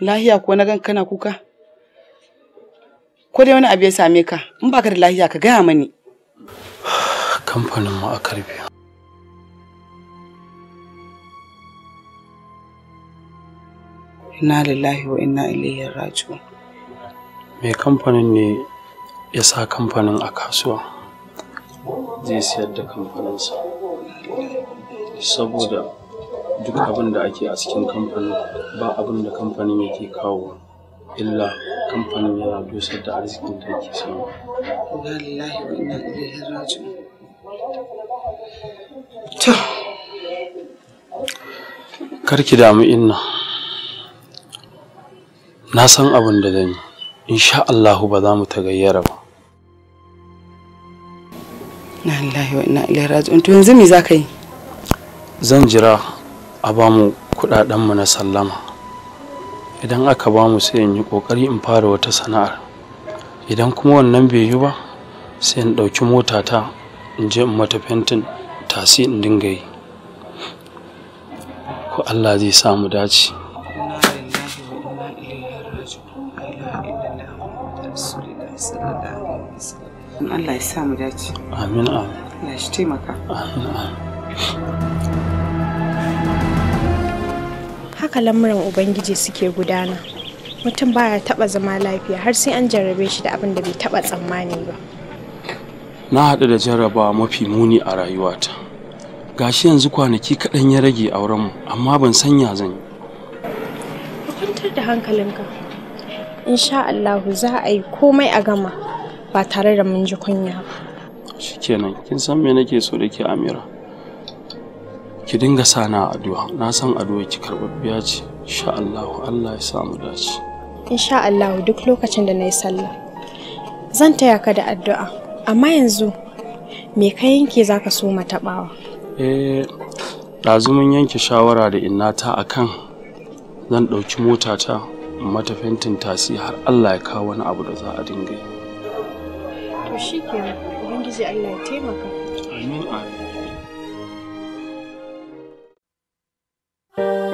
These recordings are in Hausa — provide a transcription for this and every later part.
lahiya ko na gan kana kuka ko dai wani abu ya same ka in baka da lahiya ka gaya mani kamfanin mu a karbe inna lillahi wa inna ilaihi raji'un mai kamfanin ne ya sa kamfanin a kasuwa zai siyar da kamfaninsa saboda duk abin da ake a cikin kamfanin ba abin da kamfanin yake kawo illa kamfanin yana dusar da arzikin da ke samu. Ina wa ina ilaihi raji'un. To. Karki damu inna. Na san abin da zan yi. Insha Allahu ba za mu gayyara ba. Na wa ina ilaihi raji'un. To yanzu me za ka yi? Zan jira a ba mu na sallama idan aka ba mu sai in yi kokari in fara wata sana'ar idan kuma wannan bai yi ba sai in ɗauki motata in je in mata fentin tasi in dinga yi ko allah zai samu dace Allah ya samu dace. Amin amin. Allah shi taimaka. Amin amin. haka lamuran ubangiji suke gudana mutum baya taba zama lafiya har sai an jarrabe shi da abin da bai taba tsammani ba na haɗu da jarrabawa mafi muni a rayuwata gashi yanzu kwanaki kaɗan ya rage aurenmu amma ban sanya zan yi kwantar da hankalinka insha Allah za a yi komai a gama ba tare da mun ji kunya ba shikenan kin san me nake so da ke amira ki dinga sana addu'a na san addu'a ki karbabbiya ce insha Allah Allah ya samu dace insha Allah duk lokacin da nayi sallah zan taya ka da addu'a amma yanzu me ka yanke zaka so mata bawa eh ɗazu mun yanke shawara da inna ta akan zan ɗauki motata mata fentin tasi har Allah ya kawo wani abu da za a dinga yi to shikenan ubangiji Allah ya taimaka amin amin Thank you.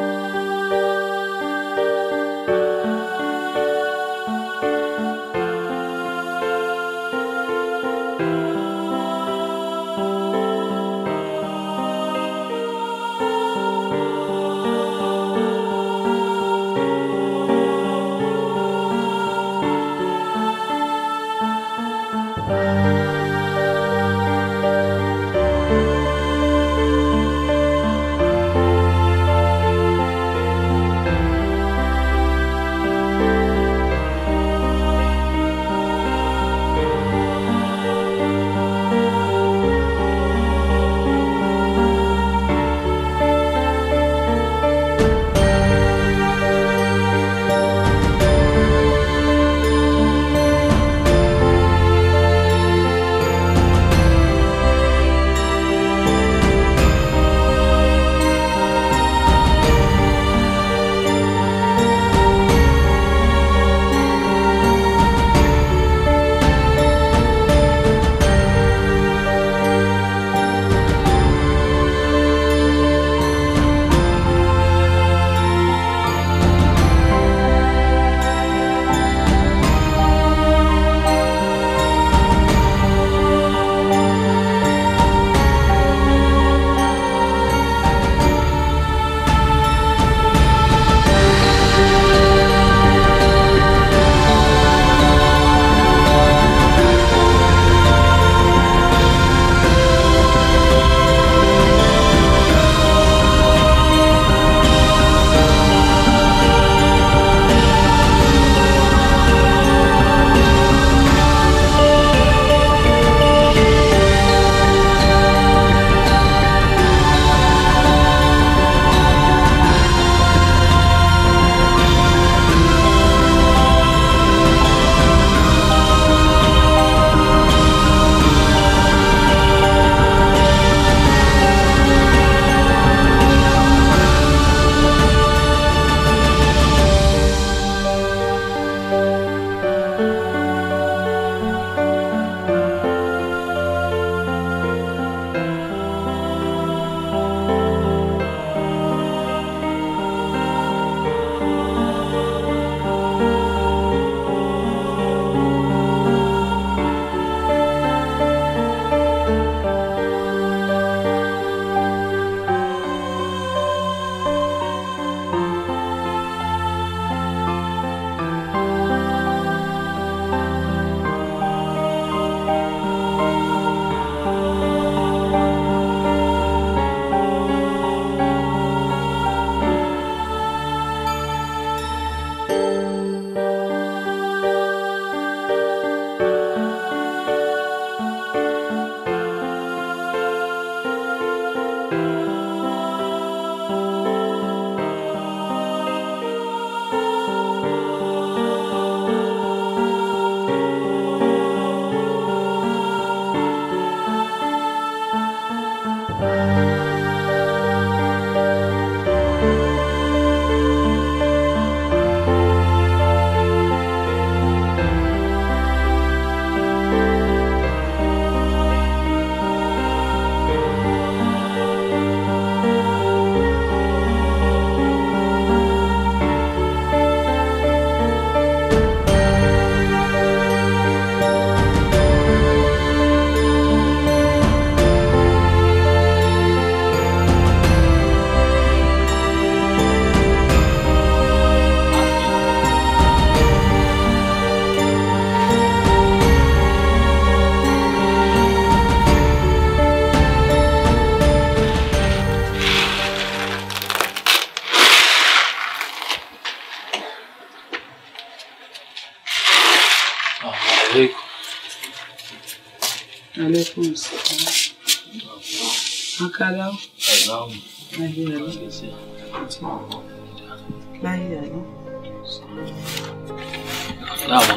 Daman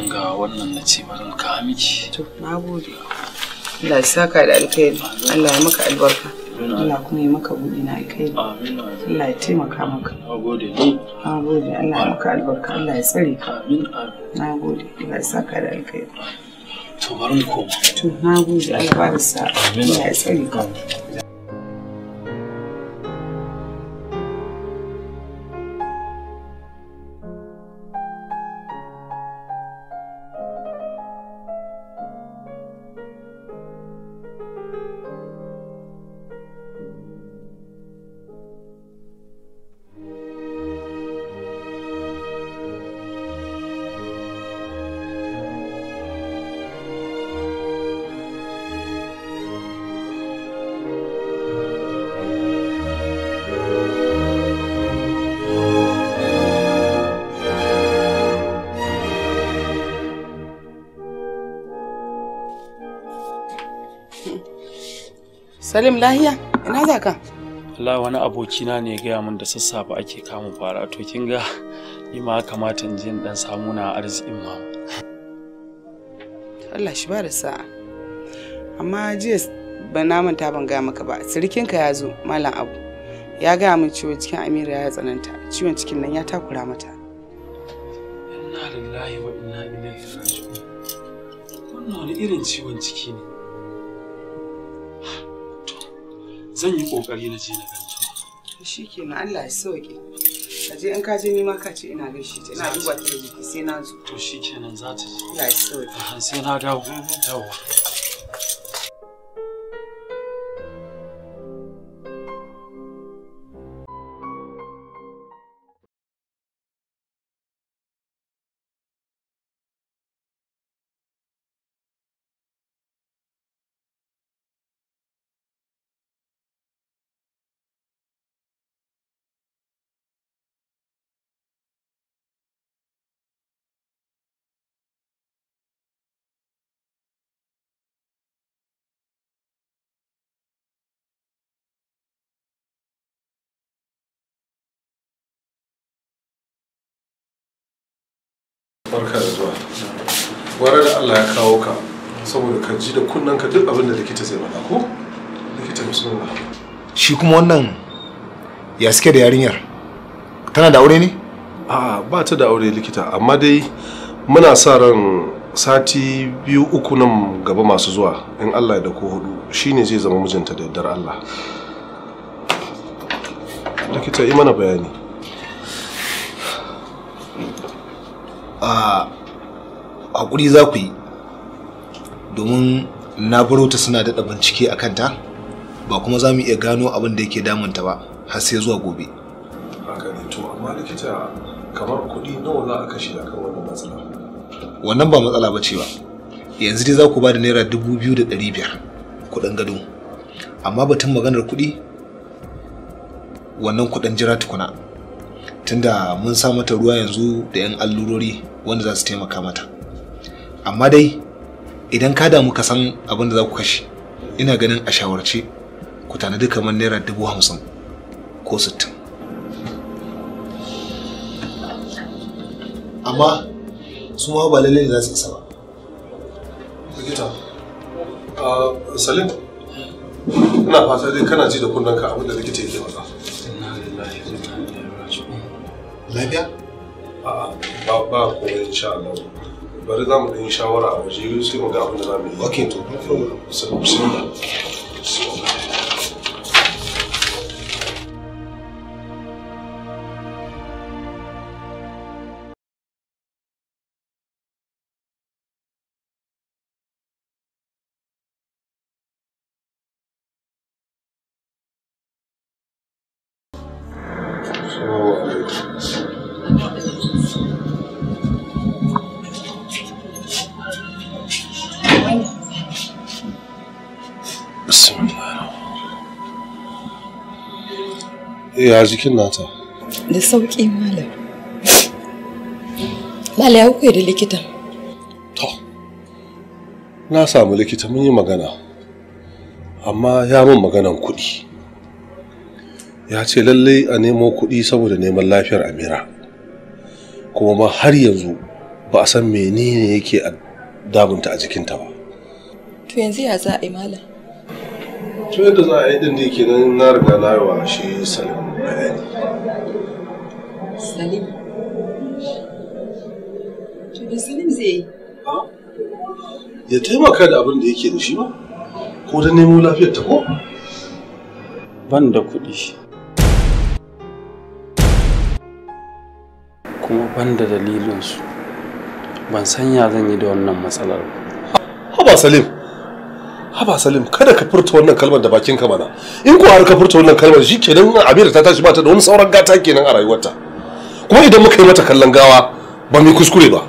ga wannan na ce bari ka miki. To, na gode. Allah ya saka da alkhairi. Allah ya maka albarka. Allah kuma ya maka buɗi na alkhairi. Allah ya taimaka maka. Na gode. Na gode. Allah ya maka albarka. Allah ya tsare ka. Amin. Na gode. Allah ya saka da alkhairi. To, bari mu koma. To, na gode. Allah ya ba sa'a. Allah ya tsare ka. Salim lahiya ina za Allah wani abokina ne ya gaya min da sassafe ake kamun fara to kin ga ni ma kamata in je dan samu na arzikin ma. Allah shi ba sa'a. Amma jiya ban na manta ban gaya maka ba sirikinka ya zo malam abu ya gaya min cewa cikin amira ya tsananta ciwon cikin nan ya takura mata zan yi kokari na je na ganta shi shikenan Allah ya sauke ka je in ka je ni ma ka ce ina gaishe ta ina duba ta jiki sai na zo to shikenan za ta je Allah ya sauke sai na dawo dawo barka da zuwa da allah ya kawo ka saboda ka ji da ka duk abin likita zai mana ko likita bismillah shi kuma wannan ya suke da yarinyar tana da aure ne a ba ta da aure likita amma dai muna sa ran sati biyu uku nan gaba masu zuwa in allah da ko hudu shine zai zama mijinta da yardar allah likita yi mana bayani a hakuri za ku yi domin na baro ta suna daɗa bincike a kanta ba kuma za mu iya gano abin da yake damunta ba har sai zuwa gobe amma likita kamar kuɗi nawa za a kashe a wannan matsala wannan ba matsala ba ce ba yanzu dai za ku ba da naira dubu biyu da ɗari biyar kuɗin gado amma batun maganar kuɗi wannan kuɗin jira tukuna tunda mun sa mata ruwa yanzu da 'yan allurori wanda za su taimaka mata amma dai idan ka damu ka san abin da za ku kashe ina ganin a shawarce ku tanadi kamar naira dubu hamsin ko sittin amma su ma ba lallai za su isa ba likita ah, salim ina fata dai kana ji da kunnanka abin da likita yake ba. A'a, ba ba ko insha Allah. Bari za mu shawara a waje sai mu ga abin da za mu yi. Okay, to, ya jikin nata da sauki malam malam ya kuka da likita to na samu likita mun yi magana amma ya min maganan kuɗi ya ce lallai a nemo kuɗi saboda neman lafiyar amira kuma ba har yanzu ba a san menene yake a damunta a jikinta ba to yanzu ya za a yi malam to yadda za a yi din da yake nan na riga na yi wa shi salim Salim. To da Salim zai yi? Ya taimaka da abin da yake da shi ba? Ko da nemo lafiyar ta ko? Ban da kuɗi. Kuma ban da dalilinsu. Ban san ya zan yi da wannan matsalar ba. Haba Salim. Haba Salim kada ka furta wannan kalmar da bakinka mana. In ko har ka furta wannan kalmar shi kenan abin da ta tashi ba ta da wani sauran gata kenan a rayuwarta. kuma idan muka yi mata kallon gawa ba mai kuskure ba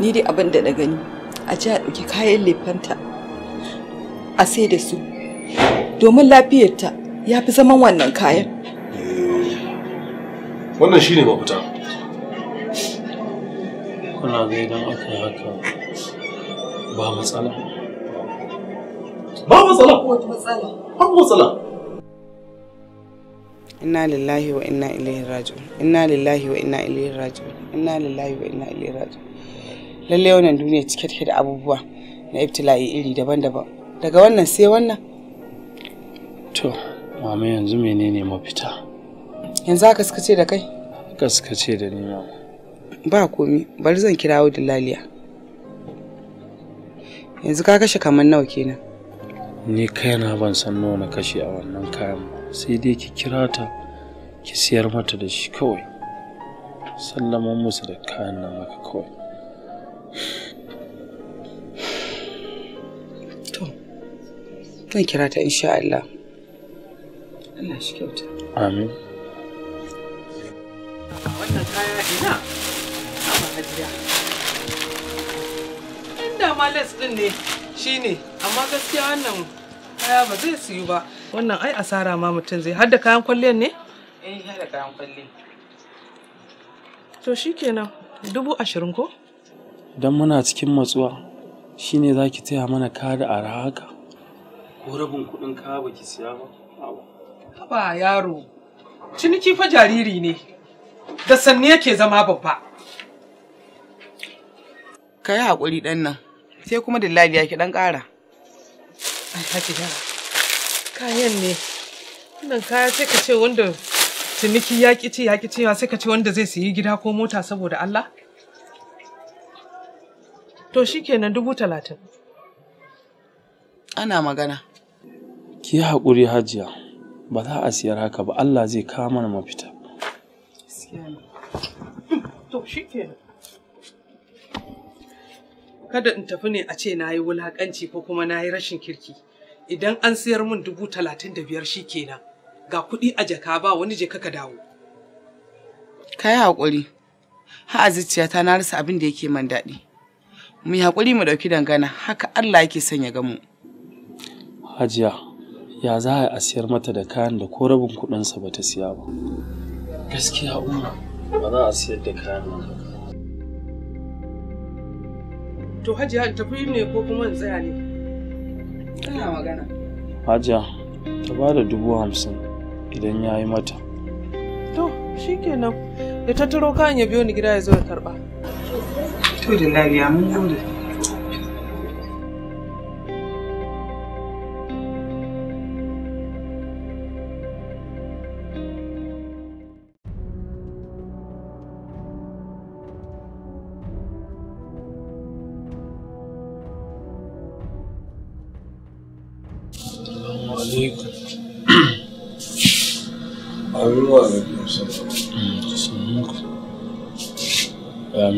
ni dai abin da na gani a ji a ɗauki kayan lefanta a sai da su domin lafiyarta ya fi zaman wannan kayan eh, wannan shine mafita kuna ga idan aka yi haka ba matsala ba matsala ba matsala inna lillahi wa inna ilaihi raji'un inna lillahi wa inna ilaihi raji'un inna lillahi wa inna ilaihi raji'un lalle wannan duniya cike take da abubuwa na ibtila'i iri daban-daban daga wannan sai wannan to mama yanzu menene mafita yanzu haka suka ce da kai haka suka ce da ni ma. ba komi bari zan kirawo Laliya. yanzu ka kashe kamar nawa kenan ni kaina ban san nawa na kashe a wannan kayan ba sai dai ki kira ta ki siyar mata da shi kawai sallaman musu da kayan nan maka kawai to zan kira ta insha Allah Allah shi kyauta amin wannan kaya ina amma hajiya inda ma les din ne shine amma gaskiya wannan kaya ba zai siyu ba wannan ai asara ma mutum zai har da kayan kwalliyar ne? eh har da kayan kwalli to shikenan dubu ashirin ko? don muna cikin matsuwa shine za ki taya mana ka da ara haka ko rabin kuɗin ka ba ki siya ba haba yaro ciniki fa jariri ne da sanni yake zama babba ka yi haƙuri ɗan nan sai kuma dillali ya ki ɗan ƙara ai haƙi yara kayan ne wannan kaya sai ka ce wanda ciniki ya ƙi ci ya ƙi cewa sai ka ce wanda zai siyi gida ko mota saboda Allah to shikenan dubu talatin ana magana ki haƙuri hajiya ba za a siyar haka ba Allah zai kama mana mafita to shikenan kada in tafi ne a ce na yi wulaƙanci ko kuma na yi rashin kirki idan an sayar min dubu talatin da biyar shi kenan ga kuɗi a jaka ba wani jaka ka dawo. Ka yi haƙuri, ha a ta na rasa abin da yake man daɗi. Mu yi haƙuri mu ɗauki dangana haka Allah yake sanya gamu. Hajiya, ya za a sayar mata da kayan da ko rabin kuɗinsa ba ta siya ba. Gaskiya umma ba za a siyar da kayan nan To Hajiya, tafi ne ko kuma in tsaya ne? Hajiya, ta ba da dubu hamsin idan ya yi mata. To, shi kenan. Ya tattaro kayan ya biyo ni gida ya zo ya karɓa. To da lariya mun gode.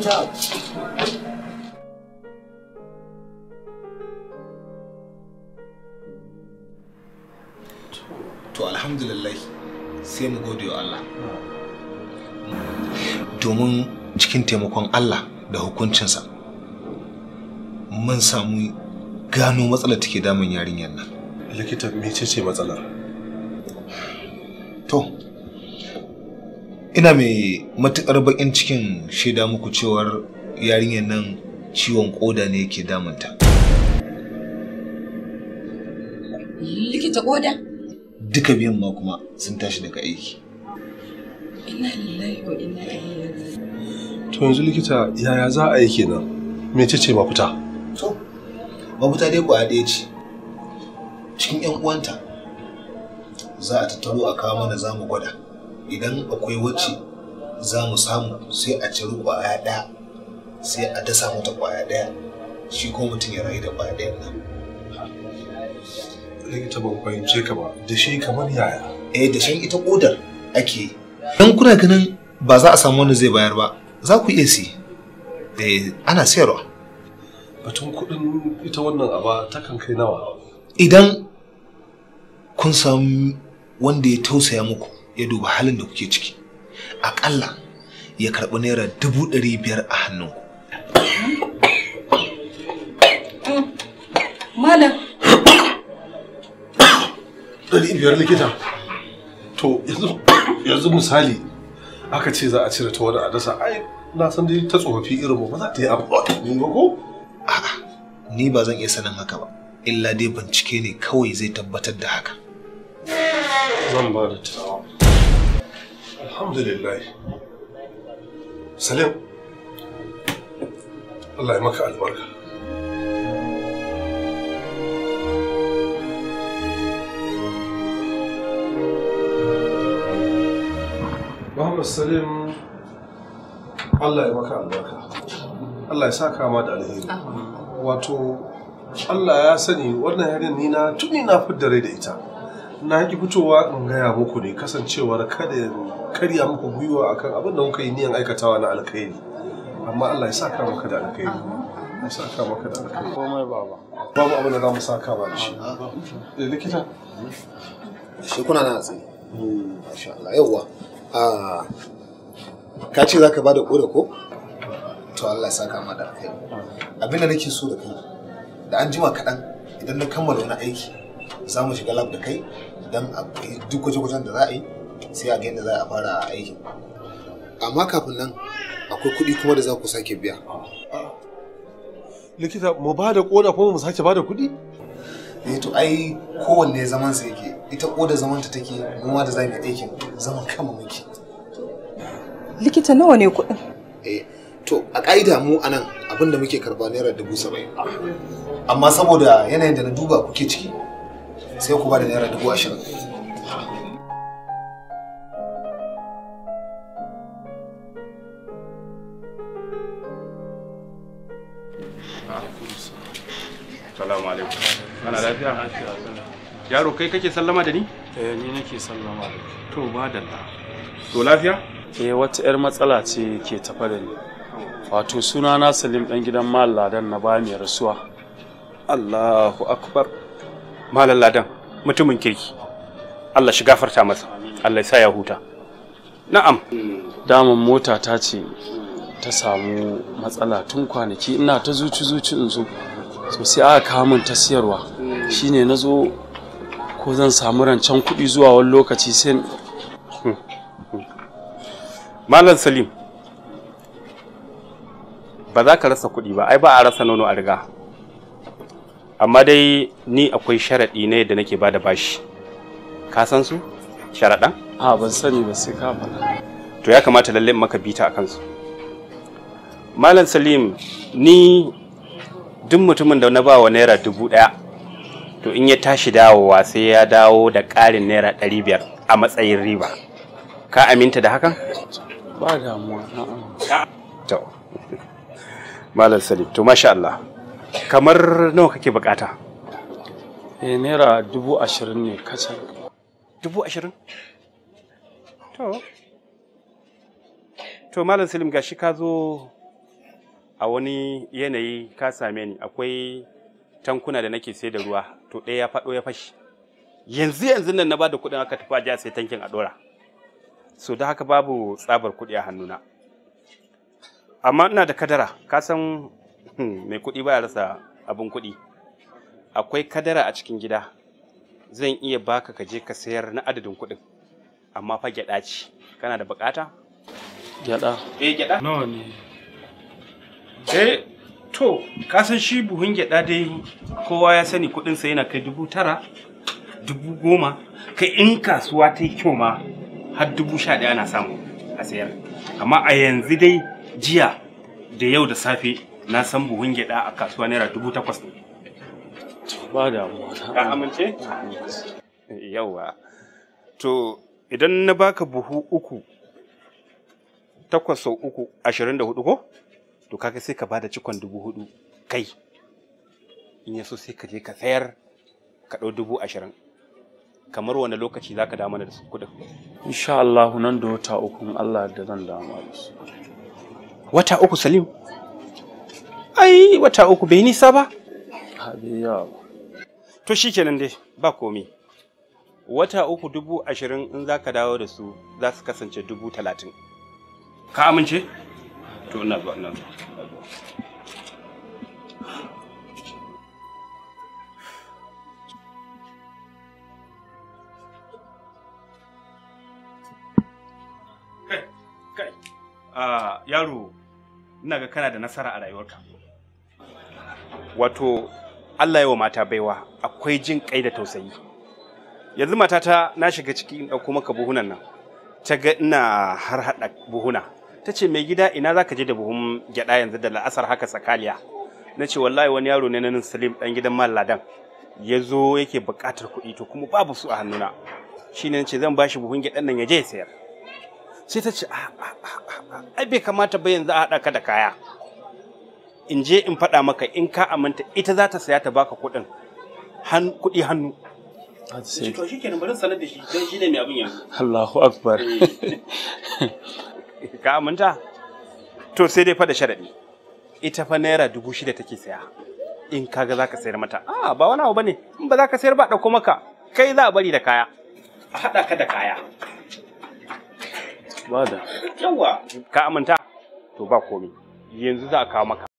Guten To alhamdulillah sai mu gode wa Allah. Domin cikin taimakon Allah da hukuncinsa mun samu gano matsalar take damun yarinyar nan. Likita mece ce matsalar? ina mai matukar baƙin cikin shaida muku cewar yarinyar nan ciwon koda ne ke damunta. Likita koda? Duka biyan ma kuma sun tashi daga aiki. Ina lillahi wa ina ilaihi. To yanzu likita yaya za a yi kenan? me ce mafita? To, mafita dai kwaya ɗaya ce. Cikin 'yan uwanta za a tattaro a kawo mana za mu gwada. idan akwai wacce za mu samu sai a ciri kwaya ɗaya sai a dasa mata kwaya ɗaya shi ko mutum ya rayu da kwaya ɗaya nan. Likita ba fahimce ka ba da shi kamar yaya. Eh da shan ita kodar ake yi. Dan kuna ganin ba za a samu wanda zai bayar ba za ku iya si. Eh ana sayarwa. Batun kuɗin ita wannan aba kan kai nawa? Idan kun samu wanda ya tausaya muku ya duba halin da kuke ciki aƙalla ya karɓi naira dubu ɗari biyar a hannunku malam ɗari biyar likita to yanzu misali aka ce za a cire ta wadda a dasa ai na san dai ta tsofaffi irin mu ba za ta yi abu ba ko a'a ni ba zan iya sanin haka ba illa dai bincike ne kawai zai tabbatar da haka zan ba da tawa Alhamdulillah. Salim, Allah ya maka albarka. Muhammad Salim, Allah ya maka albarka. Allah ya sa kama da alheri. Wato, Allah ya sani wannan yarin ni na tuni na fidda rai da ita. Na ki fitowa in gaya muku ne kasancewar kada karya muku gwiwa akan abin da muka yi niyan aikatawa na alkhairi amma Allah ya saka maka da alkhairi ya saka maka da alkhairi komai baba babu abin da za mu saka ba da shi da eh, likita shi kuna na tsaye masha Allah yawwa ah, ka ce zaka bada kore ko to Allah ya saka maka da alkhairi abin da nake so da kai da an jima kaɗan idan na kammala wani aiki za mu shiga lab da kai don a duk gwaje-gwajen da za a yi sai a ga yadda za a fara aikin amma kafin nan akwai kuɗi kuma da za ku sake biya likita mu ba da koda kuma mu sake ba da kuɗi eh to ai kowanne zaman sa yake ita koda zaman ta take mu ma da zamu aikin zaman kama muke likita nawa ne kuɗin eh to a ƙa'ida mu anan da muke karba naira dubu saba'in amma saboda yanayin da na duba kuke ciki sai ku ba da naira dubu ashirin yaro kai kake sallama da ni eh ni nake sallama to ba da to lafiya eh wata yar matsala ce ke tafa da ni wato suna na Salim dan gidan Mal Ladan na ba mai rasuwa Allahu akbar malam Ladan mutumin kirki Allah shi gafarta masa Allah ya sa ya huta na'am daman mota ta ce ta samu matsala tun kwanaki ina ta zuci zuci in zo so sai aka kawo ta siyarwa shine na zo ko zan samu rancen kuɗi zuwa wani lokaci sai hmm, hmm. malam salim ba za ka rasa kuɗi ba ai ba a rasa nono a riga amma dai ni akwai sharaɗi ne da nake bada bashi ka san su sharaɗan? a ban sani ba sai ka faɗa to ya kamata lalle maka bita a kansu malam salim ni duk mutumin da na ba wa naira dubu ɗaya to in ya tashi dawowa sai ya dawo da ƙarin naira ɗari biyar a matsayin riba ka aminta da hakan ba damuwa to malam salim to masha Allah kamar nawa kake bukata eh naira dubu ashirin ne kacal dubu ashirin to to malam salim gashi ka zo a wani yanayi ka same ni akwai tankuna da nake sai da ruwa to ɗaya ya faɗo ya fashi yanzu yanzu nan na da kuɗin aka tafi a sai tankin a ɗora so da haka babu tsabar kuɗi a hannuna amma ina da kadara ka san hmm, mai kuɗi ba ya rasa abin kuɗi akwai kadara a cikin gida zan iya baka ka je ka sayar na adadin kuɗin amma fa gyaɗa ce kana da bukata gyaɗa eh gyaɗa nawa ne eh To, kasan shi buhun gyaɗa dai kowa ya sani kuɗinsa yana kai dubu tara, dubu goma, kai in kasuwa ta yi kyau ma har dubu sha ɗaya na samu a sayar. Amma a yanzu dai jiya da yau da safe na san buhun gyaɗa a kasuwa naira dubu takwas ne. Ba Ka amince? Yawwa. To, idan na baka buhu uku, takwas sau uku, ashirin da hudu ko? to kaga sai ka bada cikon dubu hudu kai in ya so sai ka je ka sayar ka ɗau dubu ashirin kamar wani lokaci za ka mana da su kudin insha Allah nan da wata uku Allah da zan da su wata uku Salim ai wata uku bai nisa ba Habiya to shikenan dai ba komi wata uku dubu ashirin in za ka dawo da su za su kasance dubu talatin ka amince to ah, yaro ina ga kana da nasara a rayuwarka wato Allah wa mata baiwa akwai jin kai da tausayi yanzu matata na shiga ciki in ɗauko maka buhunan nan ta ga ina har haɗa buhuna ta ce mai gida ina za ka je da buhun gyaɗa yanzu da la'asar haka tsakaliya na ce wallahi wani yaro ne na nan salim ɗan gidan mal ladan ya zo yake buƙatar kuɗi to kuma babu su a hannuna shi ne ce zan bashi buhun gyadan nan ya je ya sayar sai ta ce ah, ah, ah, ai bai kamata ba yanzu a haɗa ka da kaya in je in faɗa maka in ka aminta ita za ta saya ta baka kuɗin kuɗi hannu to shi kenan bari sanar da shi don shi ne mai abin yanzu Allahu Akbar eh. ka aminta to sai dai fa da sharadi ita fa naira dubu shida take saya in kaga za ka sayar mata a ah, ba wani abu bane in ba za ka sayar ba ɗauko maka kai za a bari da kaya a haɗa ka da kaya ba da yawa ka aminta to ba komi yanzu za a kawo maka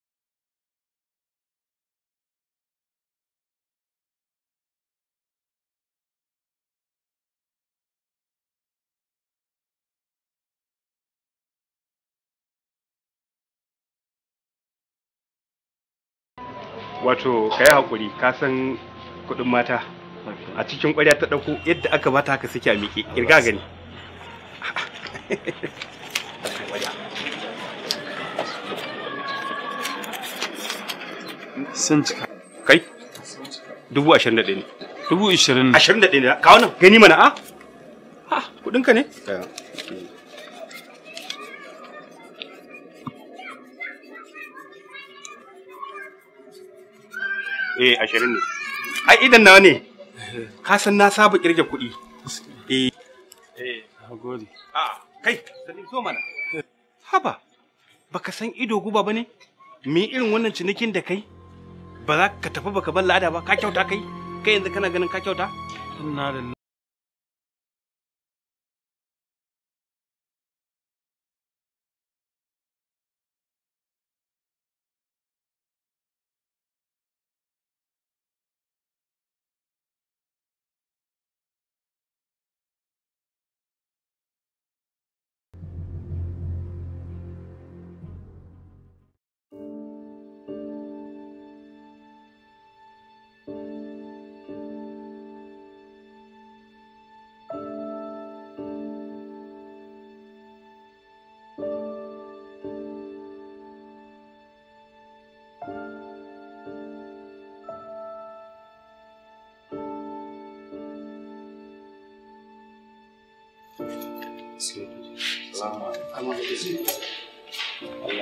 wato ka yi haƙuri ka san kuɗin mata a cikin ƙwarya ta ɗauko yadda aka bata haka suke a miƙe ƙirga gani sun cika kai dubu ashirin da ɗaya ne dubu ashirin ashirin da ɗaya ne kawo nan gani mana ah. a kuɗinka ne eh ashirin ne ai idan nawa ne ka san na saba kirge kuɗi eh eh gode a ah, kai sani zo mana haba baka san ido guba bane me irin wannan cinikin da kai ba za ka tafi baka bar lada ba ka kyauta kai kai yanzu kana ganin ka kyauta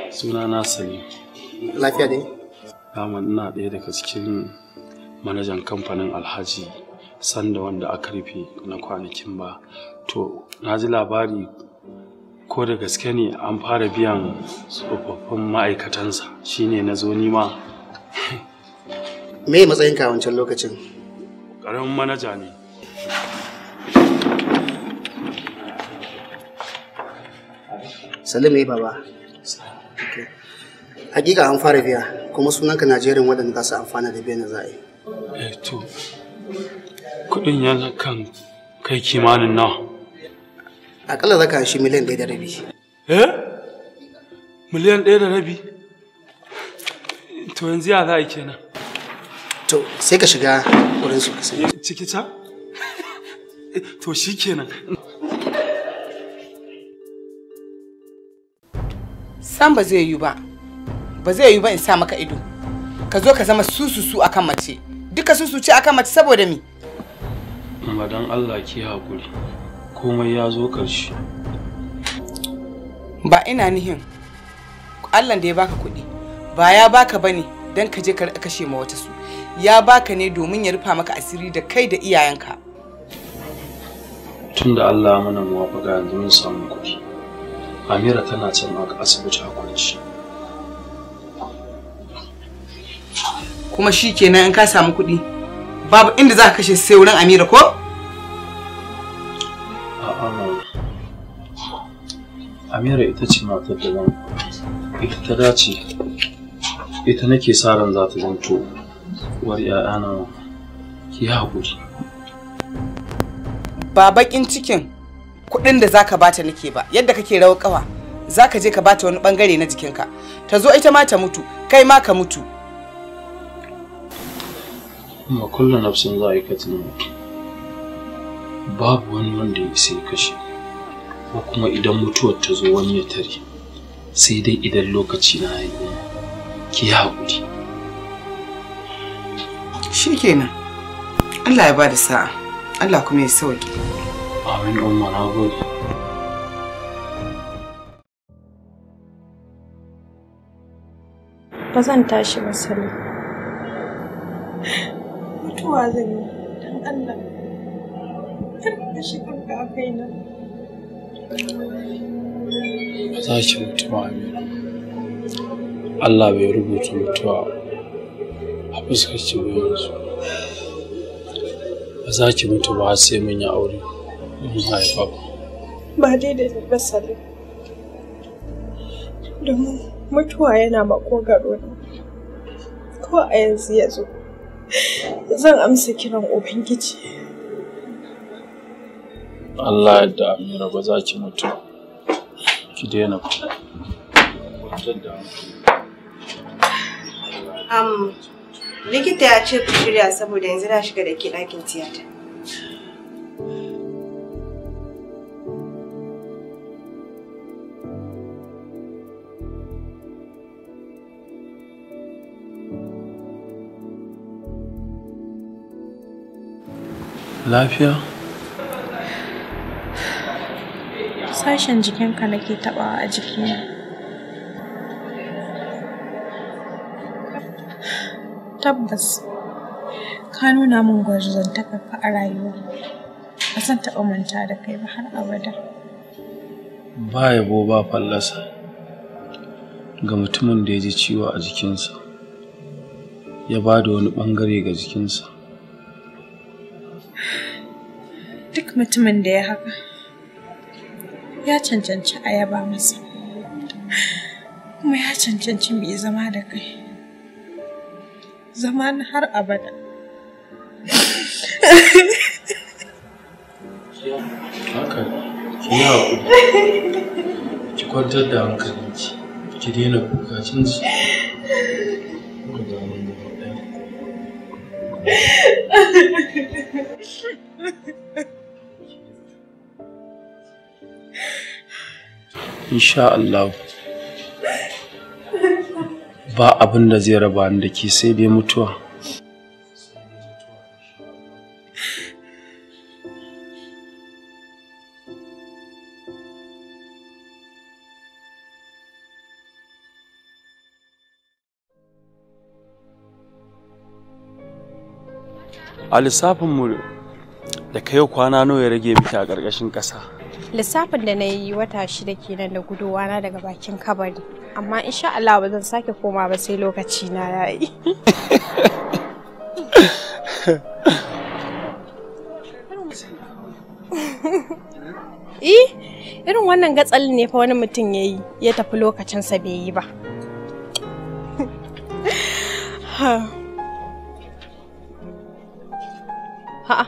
Suna na sani. Lafiya ne Dama ina ɗaya daga cikin manajan kamfanin Alhaji sanda wanda aka rufe na kwanakin ba. To, na ji labari ko da gaske ne an fara biyan tsofaffin ma'aikatansa shine na zo nima. Me matsayinka a wancan lokacin? Ƙaramin manaja ne. salim eh baba hakika an fara biya kuma sunanka najeriya waɗanda za su amfana da biyan za'i eh a to kuɗin yanzu kan kai kimanin nawa akalla za ka shi miliyan ɗaya da rabi eh miliyan ɗaya da rabi to yanzu ya za'i kenan to sai ka shiga wurin su ka sani ciki ta to shi kenan san ba zai yi ba ba zai yi ba in sa maka ido ka zo ka zama sususu akan mace duka susuce akan mace saboda mi madan Allah ki hakuri komai ya zo karshe ba ina nihin Allah da ya baka kuɗi ba ya baka bane dan ka je ka kashe ma wata su ya baka ne domin ya rufa maka asiri da kai da iyayenka tunda Allah mana muwafaka yanzu mun samu kuɗi amira tana can a asibiti a kwanci kuma shi kenan in ka samu kuɗi babu inda za ka kashe sai wurin amira ko amira ita ce matar da zan ita ta dace ita nake sa ran za ta zanto uwar na ki hakuri. ba baƙin cikin kuɗin da zaka bata nake ba yadda kake rawa zaka je ka bata wani bangare na jikinka ta zo ita ma ta mutu kai ma ka mutu amma kullu nafsin za'ikatul mutu babu wani wanda ya sai kashe ko kuma idan mutuwar ta zo wani ya tare sai dai idan lokaci na yi ki haƙuri shikenan Allah ya bada sa'a Allah kuma ya sauke. Amin umma na Ba zan tashi ba sani. Mutuwa zan yi don Allah. Kar ka shigar da aka yi nan. Ba za ki mutu ba Allah bai rubuta mutuwa a fuskar ki ba yanzu. Ba za ki mutu ba sai mun yi aure. Ba daidai ne ba salim. Domin mutuwa yana makogaro ne. Ko a yanzu ya zo. Zan amsa kiran Ubangiji. Allah da Amira ba za ki mutu. Ki daina ku. likita ya ce ku shirya saboda yanzu na shiga da ke ɗakin tiyata. Lafiya? Sashen jikinka na ke taɓawa a jikina. Tabbas, ka nuna min gwarzantakarka a rayuwa. Ba zan taɓa manta da kai ba har abada. Ba yabo ba fallasa ga mutumin da ya ji ciwo a jikinsa, ya ba da wani ɓangare ga jikinsa. duk mutumin da ya haka ya cancanci a yaba masa kuma ya cancanci mai zama da kai zama na har abada haka ki yi haƙuri ki kwantar da hankalinki ki daina kuka cin su Thank you. insha Allah ba abin da zai raba ni da ke sai dai mutuwa a lissafinmu da kai kwana nawa ya rage miki a ƙarƙashin ƙasa lissafin da na yi wata shida kenan da gudowa na daga bakin kabari amma insha Allah ba zan sake koma ba sai lokaci na ya yi eh irin wannan gatsal ne fa wani mutum ya yi ya tafi lokacinsa bai yi ba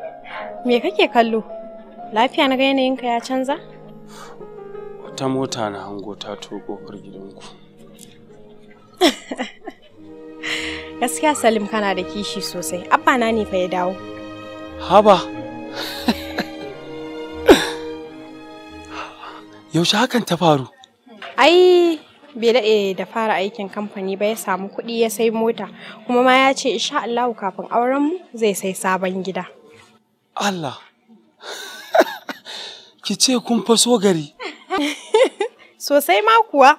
ha me kake kallo Lafiya na ga yanayinka ya canza? Wata mota na hango ta to kofar gidanku. Gaskiya Salim kana da kishi sosai. Abba na ne fa ya dawo. Haba. Yaushe hakan ta faru? Ai, bai daɗe da fara aikin kamfani ba ya samu kuɗi ya sai mota kuma ma ya ce insha Allahu kafin auren mu zai sai sabon gida. Allah. ki ce kun faso gari. Sosai ma kuwa.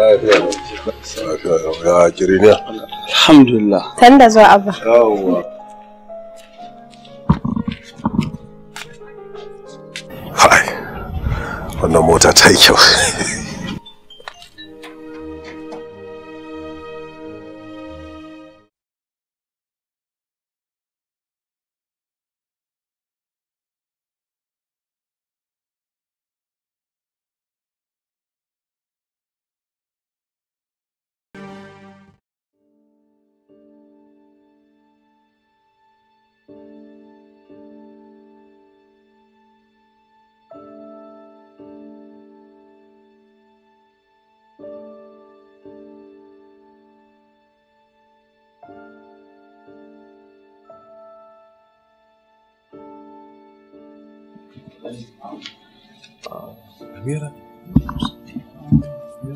Lafiya ya Alhamdulillah. da abba. Hai, wannan mota ta yi kyau. Amira.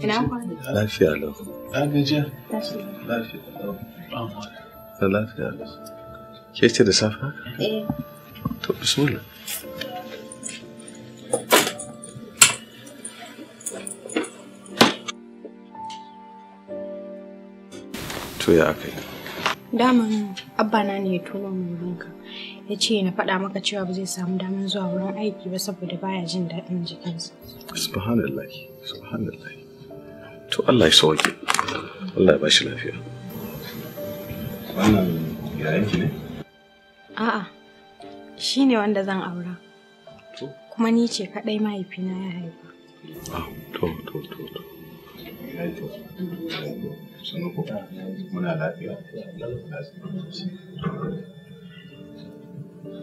Ina kwana. Lafiya lau. Lafiya. Lafiya lau. Da lafiya lau. Ke ce da eh. To ya aka yi? Daman abba na ne ya turo min ranka. ya ce na faɗa maka cewa ba zai samu damar zuwa wurin aiki ba saboda baya jin daɗin jikinsa. Subhanallah, subhanallah. To Allah ya sauke. Allah ya bashi lafiya. Wannan yayanki ne? A'a, shi ne wanda zan aura. Kuma ni ce kaɗai mahaifina ya haifa. Ah, to, to, to, to. Sannan muna lafiya.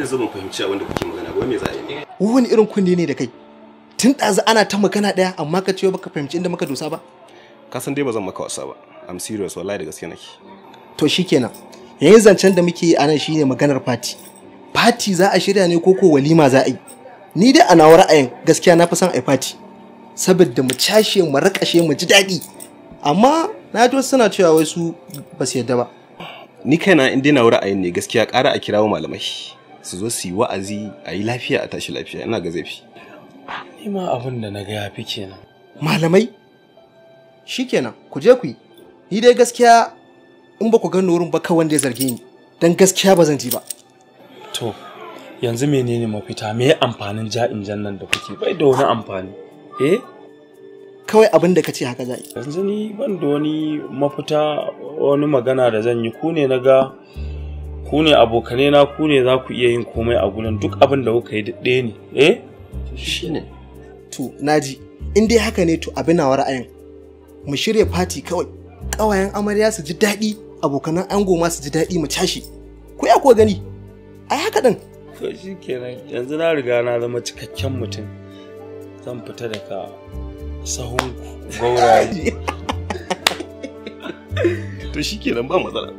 yanzu ban fahimci a wanda kuke magana ba me za a yi wani irin kunne ne da kai tun ɗazu ana ta magana ɗaya amma ka ce baka fahimci inda muka dosa ba ka san dai ba zan maka wasa ba i'm serious wallahi da gaske nake to shikenan yayin zancen da muke yi anan shine maganar fati fati za a shirya ne koko walima za a yi ni dai a nawa ra'ayin gaskiya na fi son ai fati saboda mu cashe mu rakashe mu ji daɗi amma na ji suna cewa wai su ba su yadda ba ni kaina in dai nawa ra'ayin ne gaskiya ƙara a kirawo malamai su zo su yi wa'azi a yi lafiya a tashi lafiya ina ga zai fi ni ma abin da na ga ya fi kenan malamai shikenan ku je ku yi ni dai gaskiya in ba ku ga wurin ba kawai wanda ya zarge ni dan gaskiya ba zan ji ba to yanzu menene mafita me amfanin ja'in jannan nan da kuke bai da wani amfani eh kawai abin da ka ce haka za'i yanzu ni ban da wani mafita wani magana da zan yi ku ne na ga ku ne abokane na ku ne za ku iya yin komai a gurin duk abin da kuka yi ɗaya ne eh shine to naji in dai haka ne to abin nawa ra'ayin mu shirya fati kawai ƙawayen amarya su ji daɗi abokanan ango ma su ji daɗi mu tashi ku ya kuwa gani ai haka ɗin to shi kenan yanzu na riga na zama cikakken mutum zan fita daga sahun gauraye to shi kenan ba matsala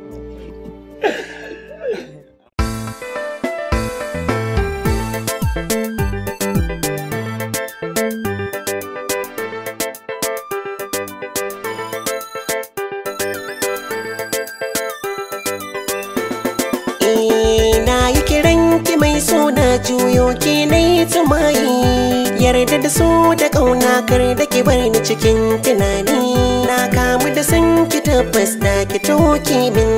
kar da ki bar ni cikin tunani na kamu da san ki tabbas da ki toke min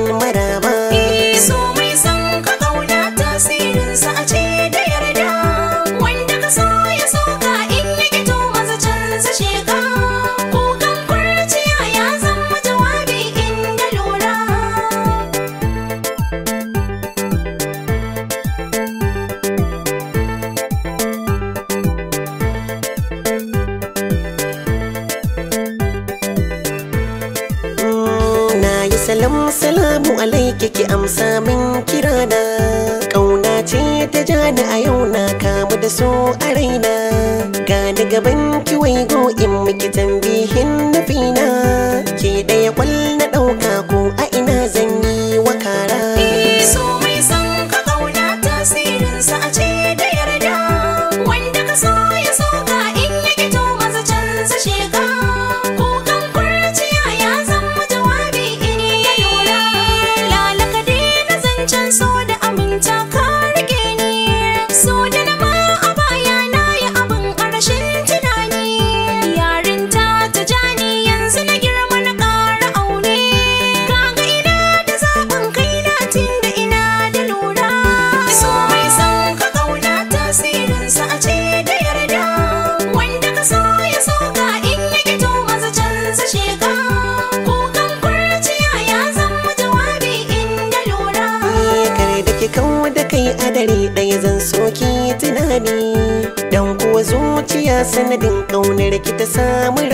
ta samu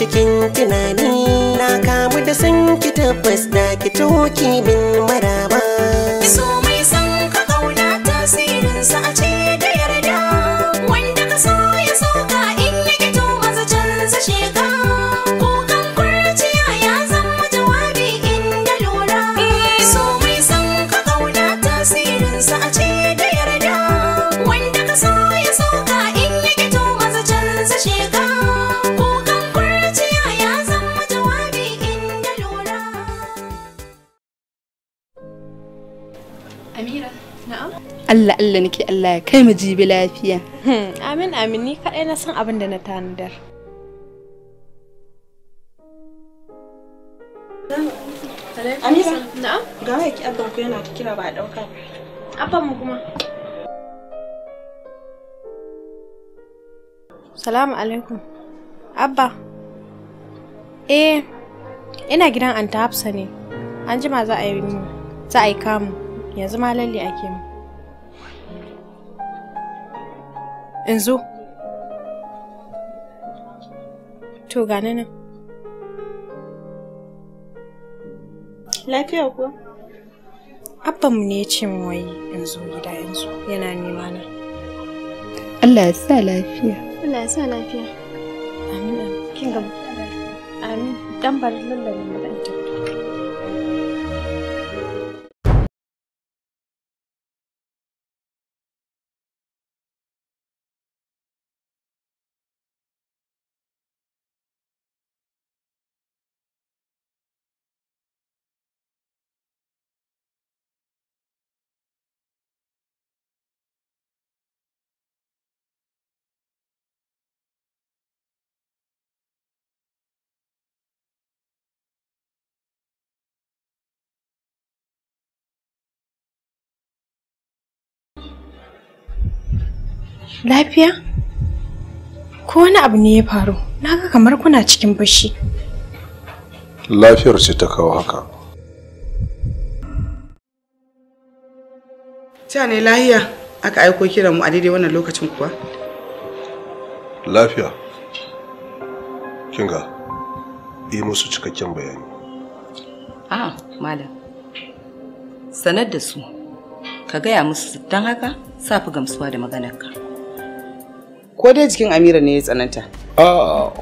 cikin tunani na kamu da ki tabbas da ki toki Allah ya kai mu jibi lafiya. Hmm, amin amin ni kaɗai na san abin da na tanadar. Amisa, na'am? Ga waya ki abban ku yana ta kira ba a ɗauka. Abban mu kuma. Salamu alaikum. Abba. Eh, ina gidan Anta Hafsa ne. An jima za a yi mu. za a yi kamu. Yanzu ma lalle ake mu. in zo to gane nan lafiya kuwa abbanmu ne ya ce min wai in zo gida in zo yana nema na Allah ya sa lafiya Allah ya sa lafiya amin kin ga amin dan bar lallabi Lafiya? Ko wani abu ne ya faru? Na ga kamar kuna cikin bashi. Lafiyar ce ta kawo haka. Ta ne lahiya aka aiko kiran mu a daidai wannan lokacin kuwa? Lafiya. Kinga, yi musu cikakken bayani. a malam. Sanar da su, ka gaya musu don haka sa fi gamsuwa da maganarka. ko dai jikin amira ne ya tsananta a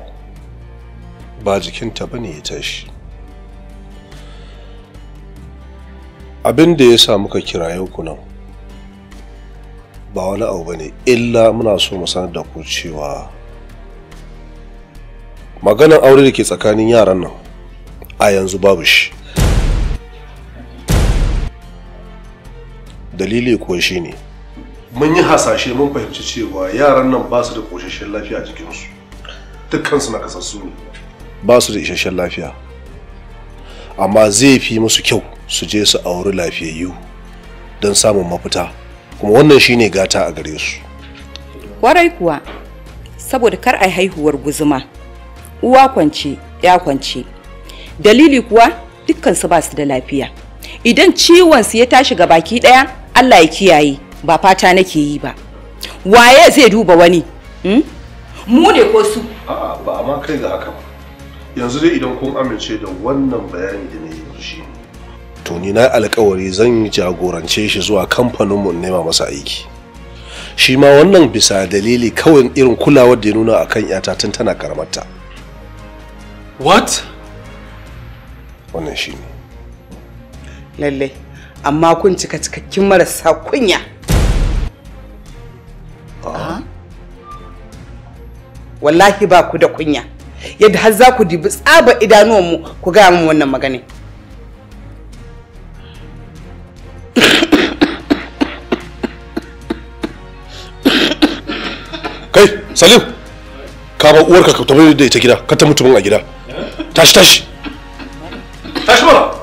ba jikinta ba ne ya tashi abin da ya sa muka kiraye ku nan ba wani abu ba ne illa muna so mu sanar da ku cewa maganar aure da ke tsakanin yaran nan a yanzu babu shi dalili kuwa shine ne mun yi hasashe mun fahimci cewa yaran nan ba su da ƙoshashen lafiya a jikinsu dukkansu na kasassu ne ba su da isasshen lafiya amma zai fi musu kyau su je su auri lafiyayyu don samun mafita kuma wannan shine gata a gare su warai kuwa saboda kar a haihuwar guzuma uwa kwance ya kwance dalili kuwa dukkansu ba su da lafiya idan ciwon su ya tashi ga baki daya allah ya kiyaye ba fata nake yi ba waye zai duba wani hmm? mu ne ko su a'a ba amma kai ga haka ba yanzu dai idan kun amince da wannan bayani da na yanzu shi to ni na alkawari zan jagorance shi zuwa kamfanin mu nema masa aiki shi ma wannan bisa dalili kawai irin kulawar da ya nuna akan yata tun tana karamarta what wannan shi ne lallai amma kun cika cikakkin marasa kunya wallahi ba ku da kunya yadda har za ku dibi tsaba idanuwanmu ku gaya min wannan magana kai salim ka ba uwarka ka tafi da ita gida ka ta mutumin a gida tashi tashi tashi mana